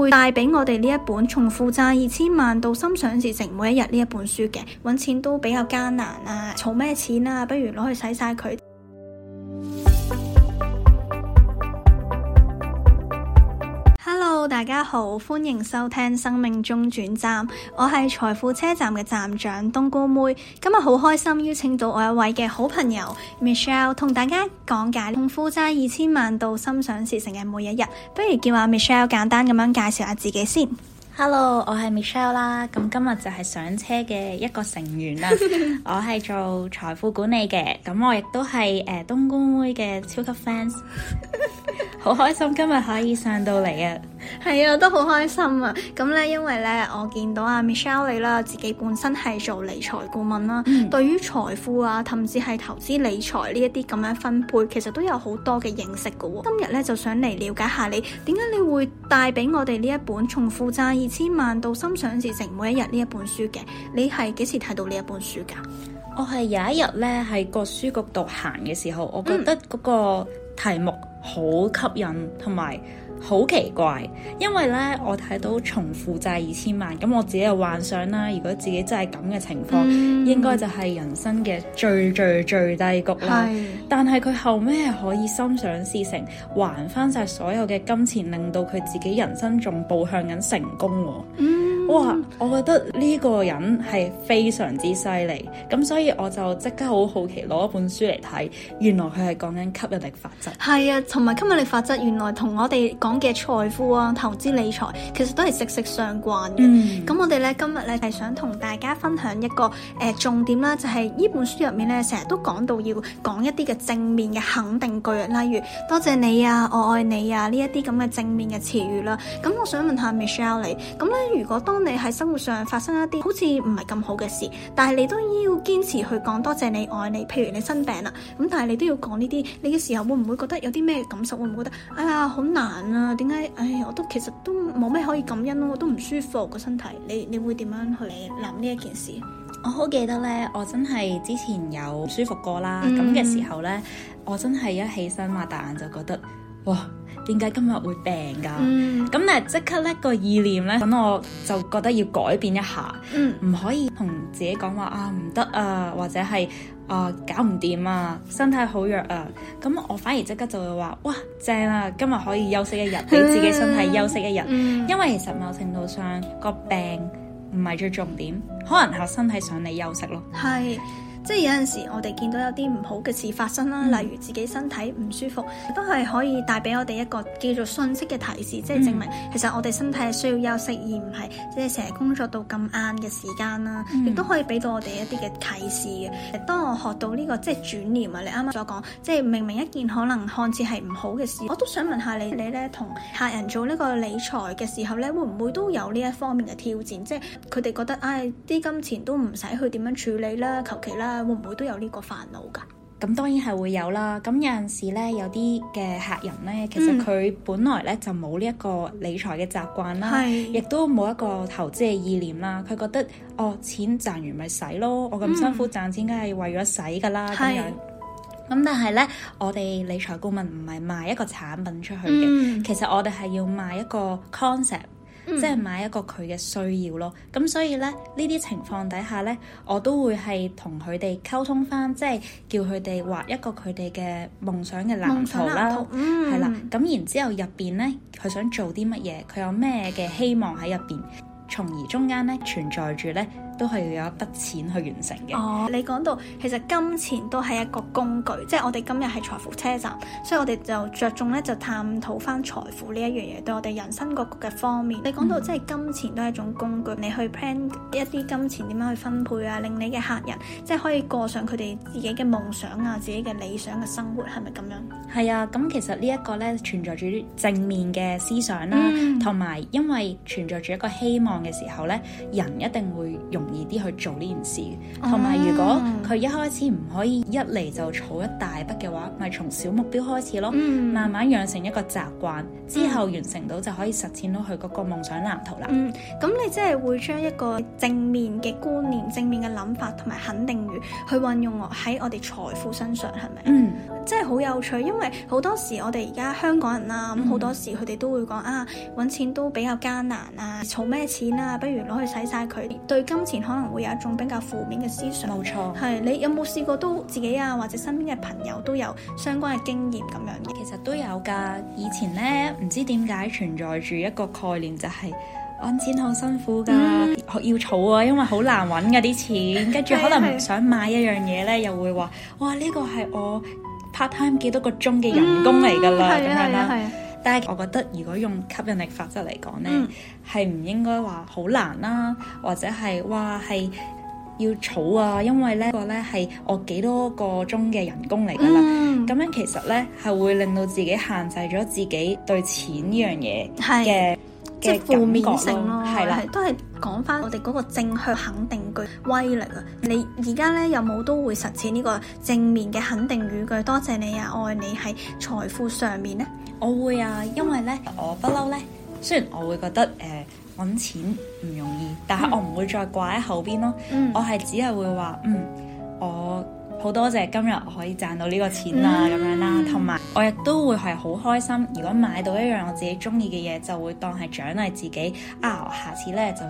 會帶俾我哋呢一本從負債二千萬到心想事成每一日呢一本書嘅，搵錢都比較艱難啊，儲咩錢啊？不如攞去使晒佢。大家好，歡迎收聽生命中轉站，我係財富車站嘅站長冬菇妹。今日好開心邀請到我一位嘅好朋友 Michelle 同大家講解從負債二千萬到心想事成嘅每一日。不如叫阿 Michelle 簡單咁樣介紹下自己先。Hello，我係 Michelle 啦。咁今日就係上車嘅一個成員啦。 我係做財富管理嘅，咁我亦都係誒冬菇妹嘅超級 fans。 好開心今日可以上到嚟啊！係啊，都好開心啊！咁咧，因為咧，我見到阿 Michelle 你啦，自己本身係做理財顧問啦，嗯、對於財富啊，甚至係投資理財呢一啲咁樣分配，其實都有好多嘅認識噶、啊。今日咧就想嚟了解下你，點解你會帶俾我哋呢一本從負債二千萬到心想事成每一日呢一本書嘅？你係幾時睇到呢一本書噶？我係有一日咧喺個書局度行嘅時候，我覺得嗰個、嗯。題目好吸引，同埋好奇怪，因為咧我睇到重負債二千萬，咁我自己就幻想啦，如果自己真係咁嘅情況，嗯、應該就係人生嘅最最最低谷啦。是但係佢後尾係可以心想事成，還翻晒所有嘅金錢，令到佢自己人生仲步向緊成功、啊。嗯。哇！我覺得呢個人係非常之犀利，咁所以我就即刻好好奇攞一本書嚟睇，原來佢係講緊吸引力法則。係啊，同埋吸引力法則原來同我哋講嘅財富啊、投資理財其實都係息息相關嘅。咁、嗯、我哋咧今日咧係想同大家分享一個誒、呃、重點啦，就係、是、呢本書入面咧成日都講到要講一啲嘅正面嘅肯定句，例如多謝你啊、我愛你啊呢一啲咁嘅正面嘅詞語啦。咁我想問下 Michelle 你，咁咧如果當你喺生活上發生一啲好似唔係咁好嘅事，但係你都要堅持去講多謝你，我愛你。譬如你生病啦，咁但係你都要講呢啲。你嘅時候會唔會覺得有啲咩感受？會唔會覺得哎呀好難啊？點解？哎呀，我都其實都冇咩可以感恩咯，我都唔舒服個身體。你你會點樣去諗呢一件事？我好記得咧，我真係之前有舒服過啦，咁嘅、嗯、時候咧，我真係一起身擘大眼就覺得哇！點解今日會病㗎？咁誒即刻咧、個意念呢，咁我就覺得要改變一下，唔、嗯、可以同自己講話啊唔得啊，或者係啊搞唔掂啊，身體好弱啊。咁我反而即刻就會話：哇，正啊，今日可以休息一日，俾、嗯、自己身體休息一日。嗯、因為其實某程度上、個病唔係最重點，可能係身體想你休息咯。係。即係有陣時我哋見到有啲唔好嘅事發生啦，嗯、例如自己身體唔舒服，都係可以帶俾我哋一個叫做信息嘅提示，即係證明其實我哋身體係需要休息，而唔係即係成日工作到咁晏嘅時間啦。亦、嗯、都可以俾到我哋一啲嘅啟示嘅。當我學到呢、這個即係轉念啊，你啱啱所講，即係明明一件可能看似係唔好嘅事，我都想問下你，你咧同客人做呢個理財嘅時候咧，會唔會都有呢一方面嘅挑戰？即係佢哋覺得唉，啲、哎、金錢都唔使去點樣處理啦，求其啦。誒、啊，會唔會都有呢個煩惱噶？咁當然係會有啦。咁有陣時咧，有啲嘅客人咧，其實佢本來咧就冇呢一個理財嘅習慣啦，亦都冇一個投資嘅意念啦。佢覺得哦，錢賺完咪使咯，我咁辛苦賺、嗯、錢，梗係為咗使噶啦。咁樣咁，但係咧，我哋理財顧問唔係賣一個產品出去嘅，嗯、其實我哋係要賣一個 concept。即係買一個佢嘅需要咯，咁所以咧呢啲情況底下咧，我都會係同佢哋溝通返，即係叫佢哋畫一個佢哋嘅夢想嘅藍圖啦，係啦，咁、嗯、然之後入邊咧佢想做啲乜嘢，佢有咩嘅希望喺入邊，從而中間咧存在住咧。都係要有一筆錢去完成嘅。哦、oh.，你講到其實金錢都係一個工具，即係我哋今日係財富車站，所以我哋就着重咧就探討返財富呢一樣嘢，對我哋人生各個嘅方面。你講到、嗯、即係金錢都係一種工具，你去 plan 一啲金錢點樣去分配啊，令你嘅客人即係可以過上佢哋自己嘅夢想啊、自己嘅理想嘅生活，係咪咁樣？係啊，咁其實呢一個咧存在住正面嘅思想啦、啊，同埋、嗯、因為存在住一個希望嘅時候咧，人一定會用。易啲去做呢件事，同埋、哦、如果佢一開始唔可以一嚟就儲一大筆嘅話，咪、就、從、是、小目標開始咯，嗯、慢慢養成一個習慣，之後完成到就可以實踐到佢嗰個夢想藍圖啦。嗯，咁你即係會將一個正面嘅觀念、正面嘅諗法同埋肯定語去運用落喺我哋財富身上，係咪？嗯，即係好有趣，因為好多時我哋而家香港人啦，咁、嗯、好、嗯、多時佢哋都會講啊，揾錢都比較艱難啊，儲咩錢啊，不如攞去使晒佢，對金錢。可能會有一種比較負面嘅思想，冇錯錯，係你有冇試過都自己啊，或者身邊嘅朋友都有相關嘅經驗咁樣嘅？其實都有噶，以前咧唔的知點解存在住一個概念、就是，就係揾錢好辛苦噶，嗯、要儲啊，因為好難搵嗰啲錢，跟住、嗯、可能想買一樣嘢咧，的又會話，哇呢個係我 part time 幾多個鐘嘅人工嚟噶啦，咁樣。但係，我覺得如果用吸引力法則嚟講咧，係唔、嗯、應該話好難啦、啊，或者係話係要儲啊，因為呢、呢個咧係我幾多個鐘嘅人工嚟噶啦，咁、嗯、樣其實咧係會令到自己限制咗自己對錢呢樣嘢嘅。即係負面性咯，係啦的，都係講翻我哋嗰個正向肯定句威力啊！你而家咧有冇都會實踐呢個正面嘅肯定語句？多謝你啊，愛你喺財富上面咧，我會啊，因為咧我不嬲咧，雖然我會覺得誒、呃、揾錢唔容易，但係我唔會再掛喺後邊咯，嗯、我係只係會話嗯我。好多謝今日可以賺到呢個錢啦、啊、咁、嗯、樣啦，同埋我亦都會係好開心。如果買到一樣我自己中意嘅嘢，就會當係獎勵自己。啊，下次呢，就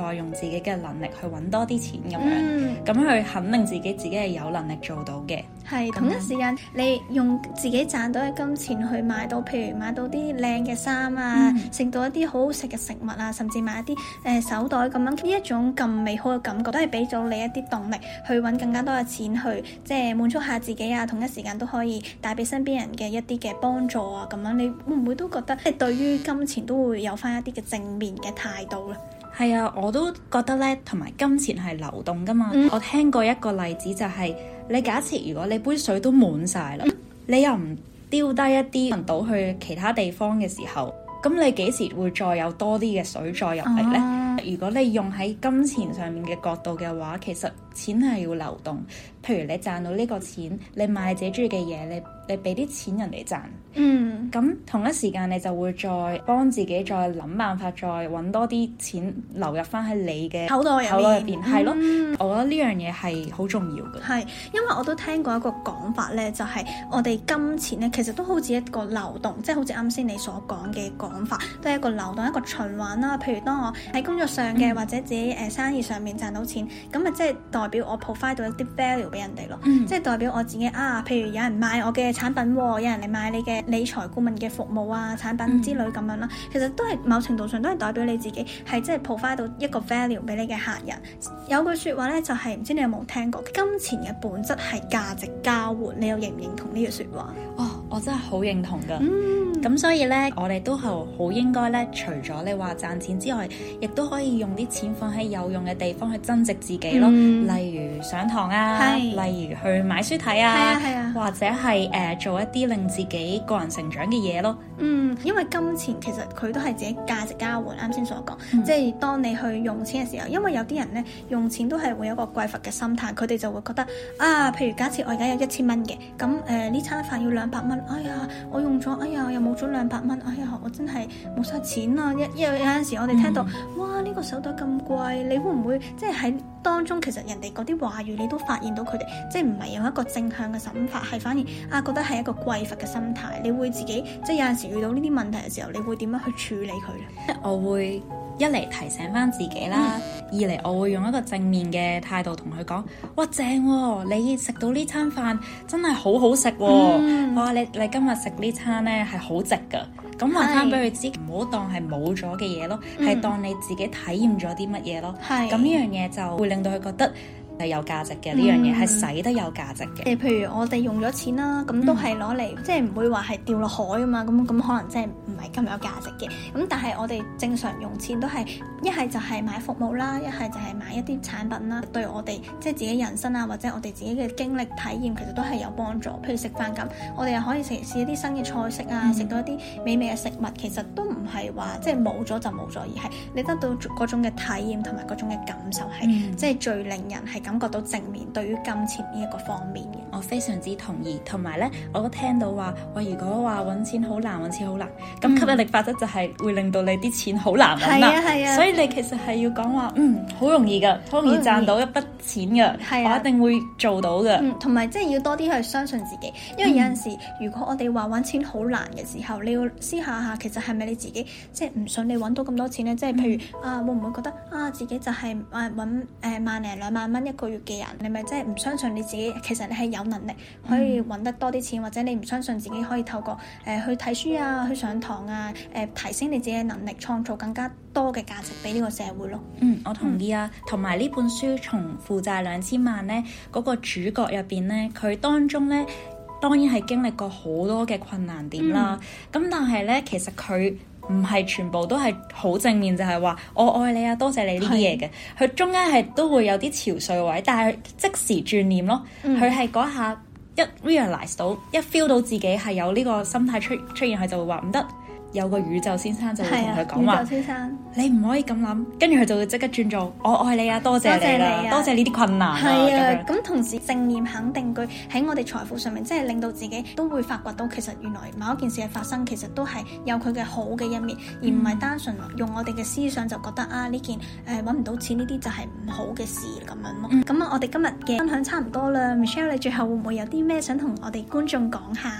要再用自己嘅能力去揾多啲錢咁、嗯、樣，咁去肯定自己自己係有能力做到嘅。係是樣，同一時間，你用自己賺到嘅金錢去買到，譬如買到啲靚嘅衫啊，食、嗯、到一啲好好食嘅食物啊，甚至買一啲誒、呃、手袋咁樣，呢一種咁美好嘅感覺，都係俾咗你一啲動力去揾更加多嘅錢去。即係滿足下自己啊，同一時間都可以帶俾身邊人嘅一啲嘅幫助啊，咁樣、啊、你會唔會都覺得即係對於金錢都會有翻一啲嘅正面嘅態度咧、啊？係啊，我都覺得咧，同埋金錢係流動噶嘛。嗯、我聽過一個例子就係、是，你假設如果你杯水都滿晒啦，嗯、你又唔丟低一啲倒去其他地方嘅時候，咁你幾時會再有多啲嘅水再入嚟咧？啊如果你用喺金錢上面嘅角度嘅話，其實錢係要流動，譬如你賺到呢個錢，你買自己中意嘅嘢，你你俾啲錢人哋賺，嗯，咁同一時間你就會再幫自己再諗辦法，再揾多啲錢流入翻喺你嘅口袋入邊，係咯。嗯、我覺得呢樣嘢係好重要嘅。係，因為我都聽過一個講法咧，就係、是、我哋金錢咧，其實都好似一個流動，即、就、係、是、好似啱先你所講嘅講法，都係一個流動一個循環啦。譬如當我喺工作。上嘅、嗯、或者自己誒、呃、生意上面賺到錢，咁咪即係代表我 provide 到一啲 value 俾人哋咯，嗯、即係代表我自己啊。譬如有人買我嘅產品，有人嚟買你嘅理財顧問嘅服務啊、產品之類咁樣啦。嗯、其實都係某程度上都係代表你自己係即係 provide 到一個 value 俾你嘅客人。有句説話咧，就係、是、唔知你有冇聽過，金錢嘅本質係價值交換。你又認唔認同呢句説話？哦，我真係好認同㗎。嗯。咁所以呢，我哋都係好應該呢。除咗你話賺錢之外，亦都可以用啲錢放喺有用嘅地方去增值自己咯。嗯、例如上堂啊，是例如去買書睇啊，是啊是啊或者係誒、呃、做一啲令自己個人成長嘅嘢咯。嗯，因為金錢其實佢都係自己價值交換，啱先所講，嗯、即係當你去用錢嘅時候，因為有啲人呢，用錢都係會有個匱乏嘅心態，佢哋就會覺得啊，譬如假設我而家有、呃、一千蚊嘅，咁誒呢餐飯要兩百蚊，哎呀，我用咗，哎呀，又冇咗兩百蚊，哎呀，我真係冇晒錢啦、啊！一有有陣時我哋聽到，嗯、哇，呢、呢個手袋咁貴，你會唔會即係喺？當中其實人哋嗰啲話語，你都發現到佢哋即係唔係有一個正向嘅諗法，係反而啊覺得係一個匱乏嘅心態。你會自己即係有陣時遇到呢啲問題嘅時候，你會點樣去處理佢咧？我會一嚟提醒翻自己啦，嗯、二嚟我會用一個正面嘅態度同佢講，哇正，你食到呢餐飯真係好好食，哇！哦、你、哦嗯、哇，你，你今日食呢餐呢係好值㗎。咁話翻俾佢知，唔好的當係冇咗嘅嘢咯，係、嗯、當你自己體驗咗啲乜嘢咯。咁呢的樣嘢就會令到佢覺得。係有價值嘅呢樣嘢，係使得有價值嘅。譬、嗯、如我哋用咗錢啦，咁都係攞嚟，嗯、即係唔會話係掉落海啊嘛。咁咁可能即係唔係咁有價值嘅。咁但係我哋正常用錢都係一係就係買服務啦，一係就係買一啲產品啦。對我哋即係自己人生啊，或者我哋自己嘅經歷體驗，其實都係有幫助。譬如食飯咁，我哋又可以嘗試一啲新嘅菜式啊，食、嗯、到一啲美味嘅食物，其實都唔係話即係冇咗就冇咗，而係你得到嗰種嘅體驗同埋嗰種嘅感受，係、嗯、即係最令人係感覺到正面對於金錢呢一個方面嘅，我非常之同意。同埋咧，我都聽到話，喂，如果話搵錢好難，搵錢好難，咁吸引力法則就係會令到你啲錢好難揾啦。係試試啊,啊，係啊。所以你其實係要講話，嗯，好んとか容易噶，好容易賺到一筆錢噶，我一定會做到噶。同埋、啊嗯、即係要多啲去相信自己，因為, ris als 因為有陣時如果我哋話搵錢好難嘅時候，你要思考下，其實係咪你自己即係唔想你搵到咁多錢咧？即係譬如啊，會唔會覺得啊，自己就係誒搵誒萬零兩萬蚊一個月嘅人，你咪真係唔相信你自己。其實你係有能力可以揾得多啲錢，或者你唔相信自己可以透過誒、呃、去睇書啊，去上堂啊，誒、呃、提升你自己嘅能力，創造更加多嘅價值俾呢個社會咯。嗯，我同意啊。同埋呢本書從負債兩千萬呢，嗰、那個主角入邊呢，佢當中呢，當然係經歷過好多嘅困難點啦。咁、嗯、但係呢，其實佢。唔係全部都係好正面，就係、是、話我愛你啊，多謝你呢啲嘢嘅。佢是中間係都會有啲潮水位，但係即時轉念咯。佢係嗰下一 realize 到，一 feel 到自己係有呢個心態出出現，佢就會話唔得。有個宇宙先生就同佢講話，宇宙先生，你唔可以咁諗。跟住佢就會即刻轉做，我愛你啊，多謝你啦，多謝呢啲、啊、困難啦、啊。咁、啊、樣同時正念肯定句喺我哋財富上面，即係令到自己都會發掘到，其實原來某一件事嘅發生，其實都係有佢嘅好嘅一面，而唔係單純用我哋嘅思想就覺得、嗯、啊呢件誒揾唔到錢呢啲就係唔好嘅事咁樣咯。咁啊、嗯，我哋今日嘅分享差唔多啦，Michelle，你最後會唔會有啲咩想同我哋觀眾講下？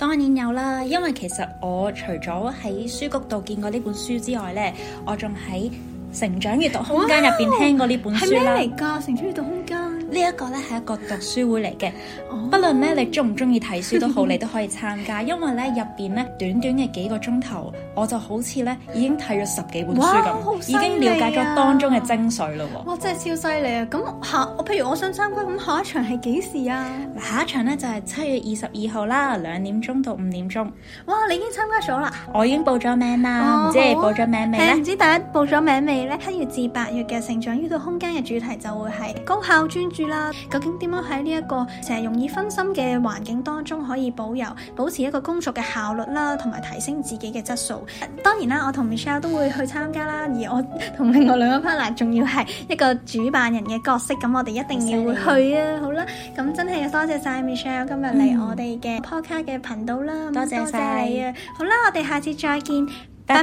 當然有啦，因為其實我除咗喺書局度見過呢本書之外咧，我仲喺成長閱讀空間入邊聽過呢本書嚟，係咩嚟㗎，成長閱讀空間。呢一個咧係一個讀書會嚟嘅，oh. 不論咧你中唔中意睇書都好，你都可以參加， 因為咧入邊咧短短嘅幾個鐘頭，我就好似咧已經睇咗十幾本書咁，啊、已經了解咗當中嘅精髓啦喎！哇，真係超犀利啊！咁下我譬如我想參加，咁下一場係幾時啊？下一場咧就係七月二十二號啦，兩點鐘到五點鐘。哇！你已經參加咗啦？我已經報咗名啦，唔、oh, 知你報咗名未唔知大家報咗名未咧？七月至八月嘅成長悅讀空間嘅主題就會係高效專。啦，究竟點樣喺呢一個成日容易分心嘅環境當中，可以保有保持一個工作嘅效率啦，同埋提升自己嘅質素。當然啦，我同 Michelle 都會去參加啦，而我同另外兩個 partner 仲要係一個主辦人嘅角色，咁我哋一定要會去啊。好啦，咁真係多謝晒 Michelle 今日嚟我哋嘅 Podcast 嘅頻道啦。嗯嗯、多謝晒你啊！你好啦，我哋下次再見，拜拜。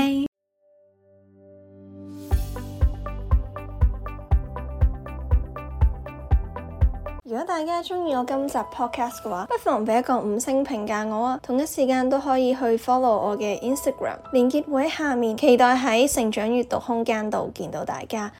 Bye bye 大家中意我今集 podcast 嘅話，不妨俾一個五星評價我啊！同一時間都可以去 follow 我嘅 Instagram，鏈接會喺下面。期待喺成長悅讀空間度見到大家。